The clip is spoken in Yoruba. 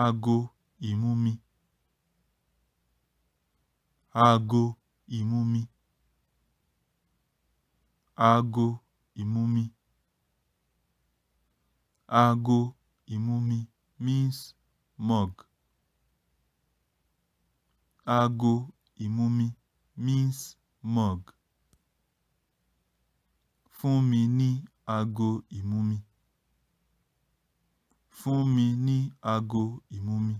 aago ìmumi aago ìmumi aago ìmumi aago ìmumi means mug aago ìmumi means mug fún mi ní aago ìmumi Fún mi ní ago ìmumi!